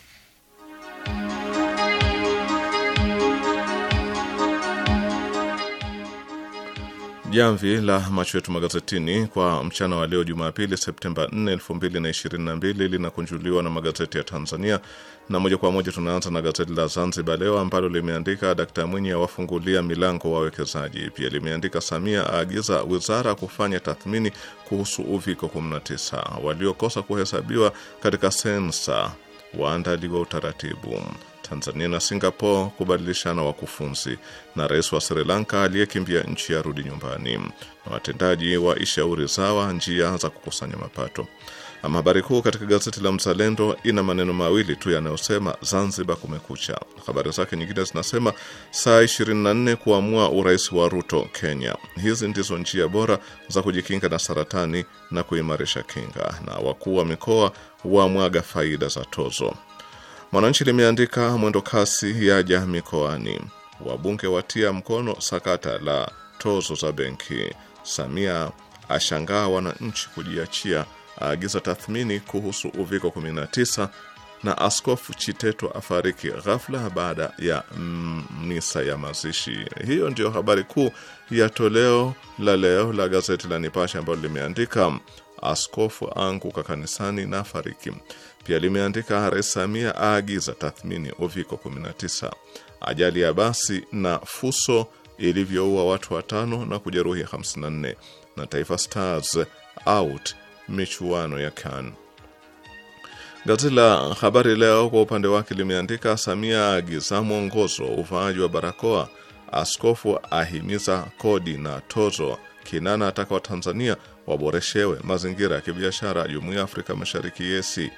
jamvi la macho yetu magazetini kwa mchana wa leo Jumapili, Septemba 4, 2022 linakunjuliwa na magazeti ya Tanzania na moja kwa moja tunaanza na gazeti la Zanzibar Leo ambalo limeandika Dkt Mwinyi awafungulia milango wawekezaji. Pia limeandika Samia aagiza wizara kufanya tathmini kuhusu uviko 19, waliokosa kuhesabiwa katika sensa waandaliwa utaratibu Tanzania na Singapore kubadilishana wakufunzi, na rais wa Sri Lanka aliyekimbia nchi arudi nyumbani, na watendaji wa ishauri sawa njia za kukusanya mapato. Ama habari kuu katika gazeti la Mzalendo ina maneno mawili tu yanayosema Zanzibar kumekucha. Habari zake nyingine zinasema saa 24 kuamua urais wa Ruto Kenya. Hizi ndizo njia bora za kujikinga na saratani na kuimarisha kinga, na wakuu wa mikoa wamwaga faida za tozo. Mwananchi limeandika mwendo kasi yaja mikoani, wabunge watia mkono sakata la tozo za benki, Samia ashangaa wananchi kujiachia, aagiza tathmini kuhusu uviko 19 na Askofu Chitetwa afariki ghafla baada ya misa ya mazishi. Hiyo ndiyo habari kuu ya toleo la leo la gazeti la Nipashe ambalo limeandika askofu anguka kanisani na fariki. Pia limeandika Rais Samia aagiza tathmini Uviko 19, ajali ya basi na fuso ilivyoua watu watano na kujeruhi 54, na Taifa Stars out michuano ya CHAN. Gazeti la Habari Leo kwa upande wake limeandika Samia aagiza mwongozo uvaaji wa barakoa, askofu ahimiza kodi na tozo, Kinana ataka Watanzania waboreshewe mazingira ya kibiashara, Jumuiya ya Afrika Mashariki yesi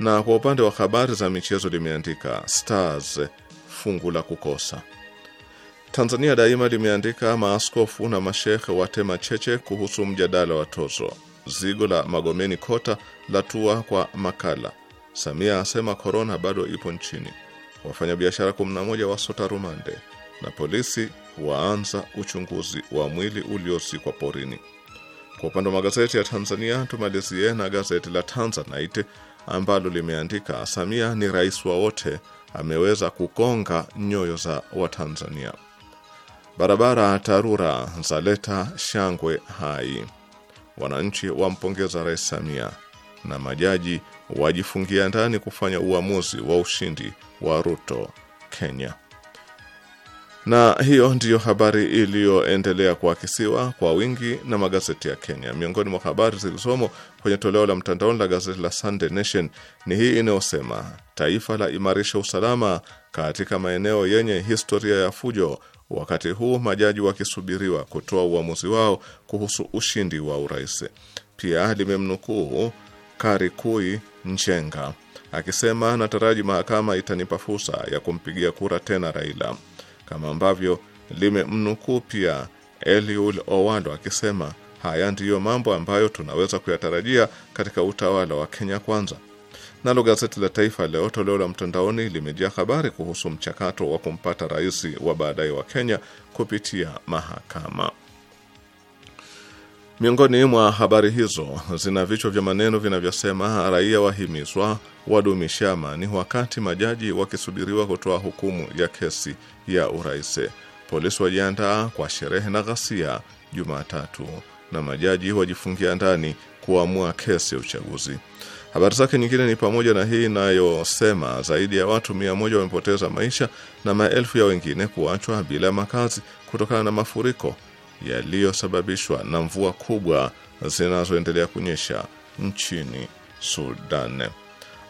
na kwa upande wa habari za michezo limeandika Stars fungu la kukosa. Tanzania Daima limeandika maaskofu na wa watema cheche kuhusu mjadala wa tozo. Zigo la Magomeni Kota la tua kwa makala. Samia asema korona bado ipo nchini. Wafanyabiashara 11 wasota rumande, na polisi waanza uchunguzi wa mwili uliozikwa porini. Kwa upande wa magazeti ya Tanzania, tumalizie na gazeti la Tanzanite ambalo limeandika Samia ni rais wa wote, ameweza kukonga nyoyo za Watanzania. Barabara TARURA zaleta shangwe hai, wananchi wampongeza Rais Samia na majaji wajifungia ndani kufanya uamuzi wa ushindi wa Ruto Kenya. Na hiyo ndiyo habari iliyoendelea kuakisiwa kwa wingi na magazeti ya Kenya. Miongoni mwa habari zilizomo kwenye toleo la mtandaoni la gazeti la Sunday Nation ni hii inayosema taifa la imarisha usalama katika maeneo yenye historia ya fujo, wakati huu majaji wakisubiriwa kutoa uamuzi wao kuhusu ushindi wa urais. Pia limemnukuu Karikui Njenga akisema nataraji mahakama itanipa fursa ya kumpigia kura tena Raila kama ambavyo limemnukuu pia Eliul Owalo akisema haya ndiyo mambo ambayo tunaweza kuyatarajia katika utawala wa Kenya Kwanza. Nalo gazeti la Taifa Leo toleo la mtandaoni limejaa habari kuhusu mchakato wa kumpata rais wa baadaye wa Kenya kupitia mahakama. Miongoni mwa habari hizo zina vichwa vya maneno vinavyosema raia wahimizwa wadumisha amani wakati majaji wakisubiriwa kutoa hukumu ya kesi ya urais, polisi wajiandaa kwa sherehe na ghasia Jumatatu, na majaji wajifungia ndani kuamua kesi ya uchaguzi. Habari zake nyingine ni pamoja na hii inayosema zaidi ya watu mia moja wamepoteza maisha na maelfu ya wengine kuachwa bila makazi kutokana na mafuriko yaliyosababishwa na mvua kubwa zinazoendelea kunyesha nchini Sudan.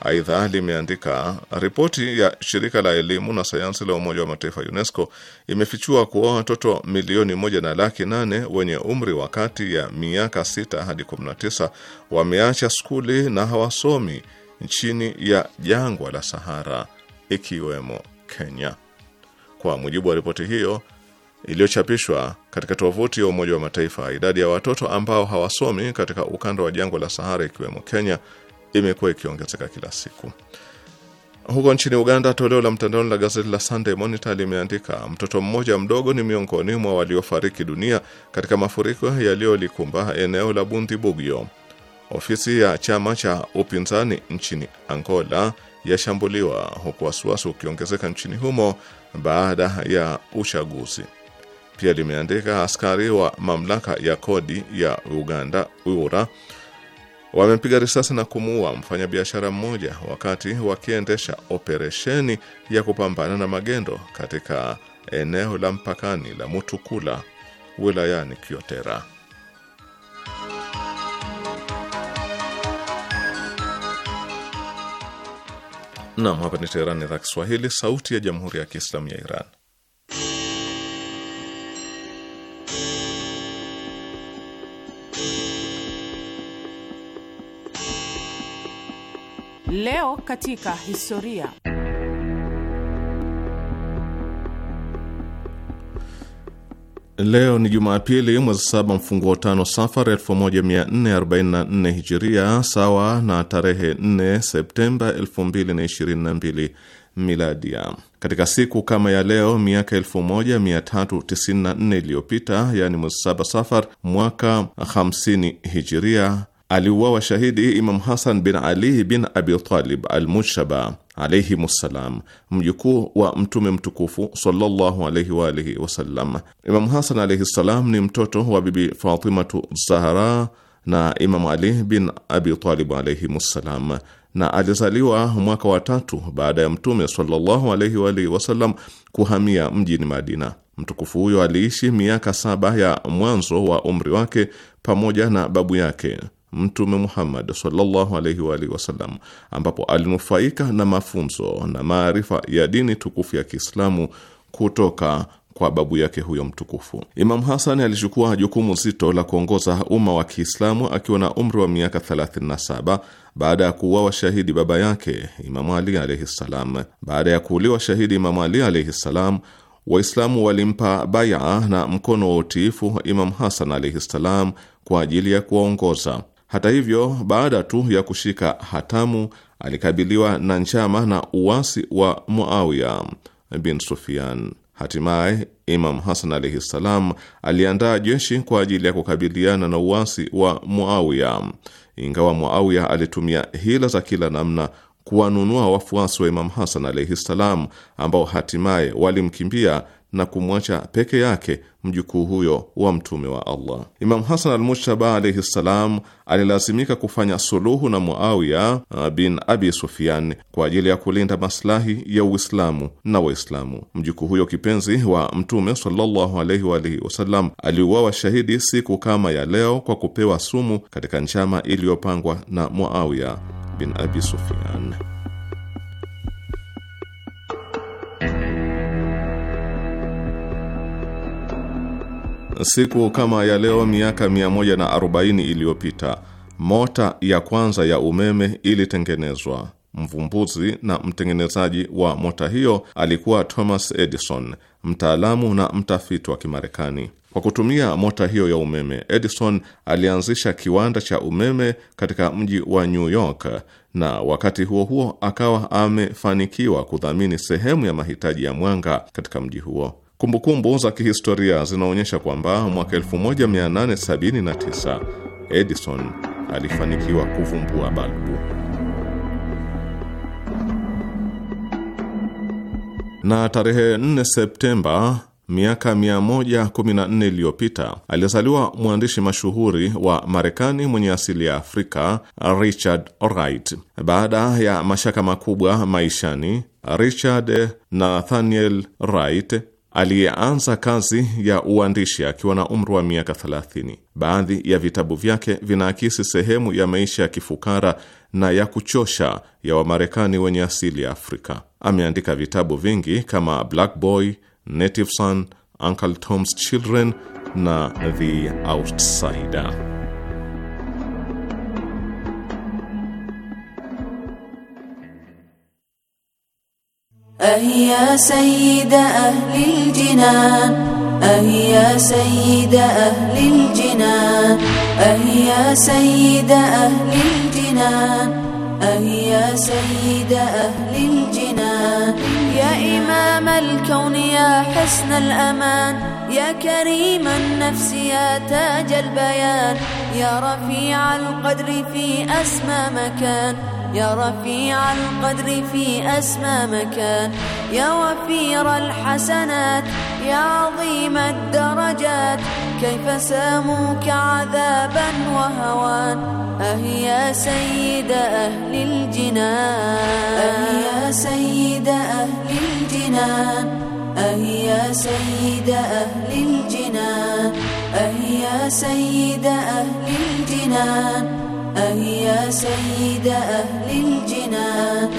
Aidha, limeandika ripoti ya shirika la elimu na sayansi la Umoja wa Mataifa UNESCO imefichua kuwa watoto milioni moja na laki nane wenye umri wa kati ya miaka sita hadi 19 wameacha skuli na hawasomi chini ya jangwa la Sahara ikiwemo Kenya. Kwa mujibu wa ripoti hiyo, iliyochapishwa katika tovuti ya Umoja wa Mataifa, idadi ya watoto ambao hawasomi katika ukanda wa jangwa la Sahara ikiwemo Kenya imekuwa ikiongezeka kila siku. Huko nchini Uganda, toleo la mtandaoni la gazeti la Sunday Monitor limeandika mtoto mmoja mdogo ni miongoni mwa waliofariki dunia katika mafuriko yaliyolikumba eneo la Bundibugyo. Ofisi ya chama cha upinzani nchini Angola yashambuliwa huku wasiwasi ukiongezeka nchini humo baada ya uchaguzi. Pia limeandika askari wa mamlaka ya kodi ya Uganda URA wamempiga risasi na kumuua mfanyabiashara mmoja wakati wakiendesha operesheni ya kupambana na magendo katika eneo la mpakani la Mutukula wilayani Kyotera. Naam, hapa ni Teherani, idhaa Kiswahili, sauti ya Jamhuri ya Kiislamu ya Iran. Leo katika historia. Leo ni Jumapili, mwezi saba mfunguo tano Safar 1444 Hijiria, sawa na tarehe 4 Septemba 2022 Miladia. Katika siku kama ya leo miaka 1394 iliyopita, yaani mwezi saba Safar mwaka 50 Hijiria, aliuawa shahidi Imam Hasan bin Ali bin Abi Talib Almujtaba alaihimussalam, mjukuu wa Mtume mtukufu sallallahu alaihi wa alihi wasallam. Imamu Hasan alaihi ssalam ni mtoto wa Bibi Fatimatu Zahra na Imamu Ali bin Abi Talib alaihimussalam, na alizaliwa mwaka wa tatu baada ya Mtume sallallahu alaihi wa alihi wasallam kuhamia mjini Madina. Mtukufu huyo aliishi miaka saba ya mwanzo wa umri wake pamoja na babu yake Mtume Muhammad sallallahu alaihi wa alihi wasallam, ambapo alinufaika na mafunzo na maarifa ya dini tukufu ya Kiislamu kutoka kwa babu yake huyo mtukufu. Imamu Hasani alichukua jukumu zito la kuongoza umma wa Kiislamu akiwa na umri wa miaka 37 baada ya kuuawa shahidi baba yake Imamu Ali alaihi ssalam. Baada ya kuuliwa shahidi Imamu Ali alaihi ssalam, Waislamu walimpa baia na mkono wa utiifu imam Hasan alaihi ssalam kwa ajili ya kuwaongoza hata hivyo, baada tu ya kushika hatamu alikabiliwa na njama na uwasi wa Muawiya bin Sufyan. Hatimaye Imam Hasan alaihi ssalam aliandaa jeshi kwa ajili ya kukabiliana na uwasi wa Muawiya, ingawa Muawiya alitumia hila za kila namna kuwanunua wafuasi wa Imam Hasan alaihi ssalam, ambao hatimaye walimkimbia na kumwacha peke yake mjukuu huyo wa mtume wa Allah. Imam Hasan al mushtaba alayhi ssalam alilazimika kufanya suluhu na Muawiya uh, bin Abi Sufyan kwa ajili ya kulinda maslahi ya Uislamu na Waislamu. Mjukuu huyo kipenzi wa mtume sallallahu alayhi wa alihi wasallam aliuawa shahidi siku kama ya leo kwa kupewa sumu katika njama iliyopangwa na Muawiya bin Abi Sufyan. siku kama ya leo miaka 140 iliyopita mota ya kwanza ya umeme ilitengenezwa. Mvumbuzi na mtengenezaji wa mota hiyo alikuwa Thomas Edison, mtaalamu na mtafiti wa Kimarekani. Kwa kutumia mota hiyo ya umeme, Edison alianzisha kiwanda cha umeme katika mji wa New York, na wakati huo huo akawa amefanikiwa kudhamini sehemu ya mahitaji ya mwanga katika mji huo. Kumbukumbu za kihistoria zinaonyesha kwamba mwaka 1879 Edison alifanikiwa kuvumbua balbu, na tarehe 4 Septemba miaka 114 iliyopita alizaliwa mwandishi mashuhuri wa Marekani mwenye asili ya Afrika Richard Wright. Baada ya mashaka makubwa maishani, Richard Nathaniel Wright aliyeanza kazi ya uandishi akiwa na umri wa miaka 30. Baadhi ya vitabu vyake vinaakisi sehemu ya maisha ya kifukara na ya kuchosha ya Wamarekani wenye asili ya Afrika. Ameandika vitabu vingi kama Black Boy, Native Son, Uncle Tom's Children na The Outsider. يا سيد أهل الجنان يا سيد أهل الجنان يا سيد أهل الجنان يا سيد أهل الجنان يا إمام الكون يا حسن الأمان يا كريم النفس يا تاج البيان يا رفيع القدر في أسمى مكان يا رفيع القدر في أسمى مكان يا وفير الحسنات يا عظيم الدرجات كيف ساموك عذابا وهوان أه يا سيد أهل الجنان أه يا سيد أهل الجنان أه يا سيد أهل الجنان أه يا سيد أهل الجنان يا سيد أهل الجنان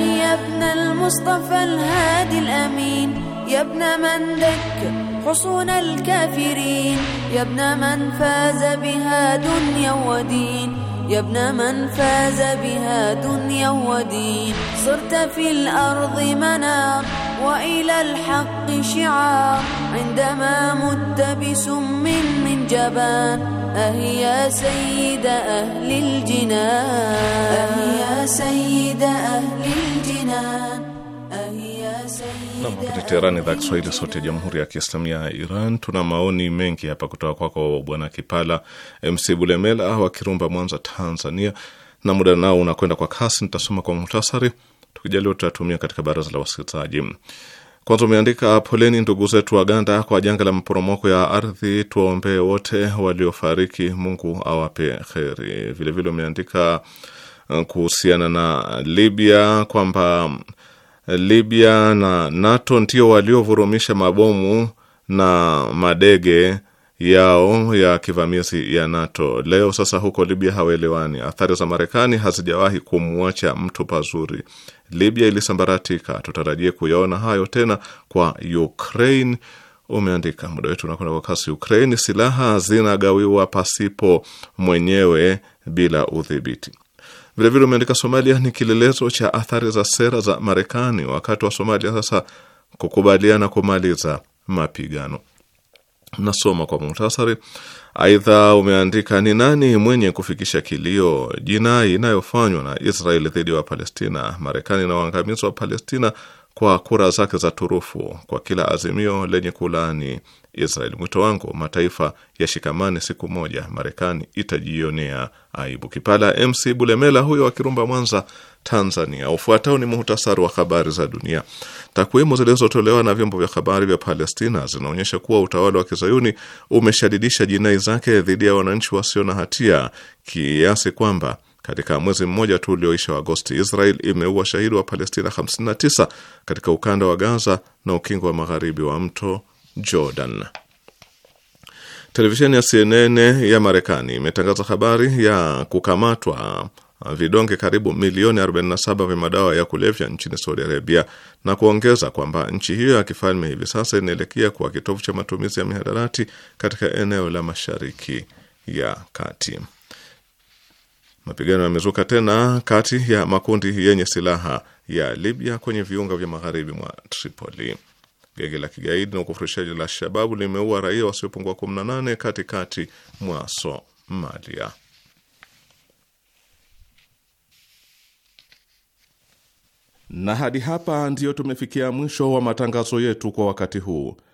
يا ابن المصطفى الهادي الأمين يا ابن من دك حصون الكافرين يا ابن من فاز بها دنيا ودين يا ابن من فاز بها دنيا ودين صرت في الأرض منار وإلى الحق شعار عندما مت بسم من جبان أه يا سيد أهل الجنان أه يا سيد أهل الجنان Teherani, idhaa Kiswahili, sote Jamhuri ya Kiislamia ya Iran. Tuna maoni mengi hapa kutoka kwako Bwana Kipala MC Bulemela wa Kirumba, Mwanza, Tanzania, na muda nao unakwenda kwa kasi. Nitasoma kwa muhtasari, tukijaliwa tutatumia katika baraza la wasikilizaji. Kwanza umeandika poleni ndugu zetu Waganda kwa janga la maporomoko ya ardhi, tuwaombee wote waliofariki, Mungu awape kheri. Vilevile umeandika uh, kuhusiana na Libya kwamba uh, Libya na NATO ndio waliovurumisha mabomu na madege yao ya kivamizi ya NATO. Leo sasa huko Libya hawaelewani. Athari za Marekani hazijawahi kumwacha mtu pazuri. Libya ilisambaratika, tutarajie kuyaona hayo tena kwa Ukraine. Umeandika muda wetu unakwenda kwa kasi. Ukraine, silaha zinagawiwa pasipo mwenyewe bila udhibiti. Vilevile umeandika Somalia ni kielelezo cha athari za sera za Marekani, wakati wa Somalia sasa kukubaliana kumaliza mapigano. Nasoma kwa muhtasari. Aidha umeandika ni nani mwenye kufikisha kilio jinai inayofanywa na Israeli dhidi ya Wapalestina, Marekani na waangamizi wa Palestina kwa kura zake za turufu kwa kila azimio lenye kulaani Israel. Mwito wangu mataifa yashikamane, siku moja Marekani itajionea aibu. Kipala MC Bulemela huyo wa Kirumba, Mwanza, Tanzania. Ufuatao ni muhtasari wa habari za dunia. Takwimu zilizotolewa na vyombo vya habari vya Palestina zinaonyesha kuwa utawala wa kizayuni umeshadidisha jinai zake dhidi ya wananchi wasio na hatia kiasi kwamba katika mwezi mmoja tu ulioisha wa Agosti, Israel imeua shahidi wa Palestina 59 katika ukanda wa Gaza na ukingo wa magharibi wa mto Jordan. Televisheni ya CNN ya Marekani imetangaza habari ya kukamatwa vidonge karibu milioni 47 vya madawa ya kulevya nchini Saudi Arabia na kuongeza kwamba nchi hiyo ya kifalme hivi sasa inaelekea kuwa kitovu cha matumizi ya mihadarati katika eneo la Mashariki ya Kati. Mapigano yamezuka tena kati ya makundi yenye silaha ya Libya kwenye viunga vya magharibi mwa Tripoli. Genge la kigaidi na ukufurishaji la Shababu limeua raia wasiopungua 18 katikati mwa Somalia. Na hadi hapa ndiyo tumefikia mwisho wa matangazo yetu kwa wakati huu.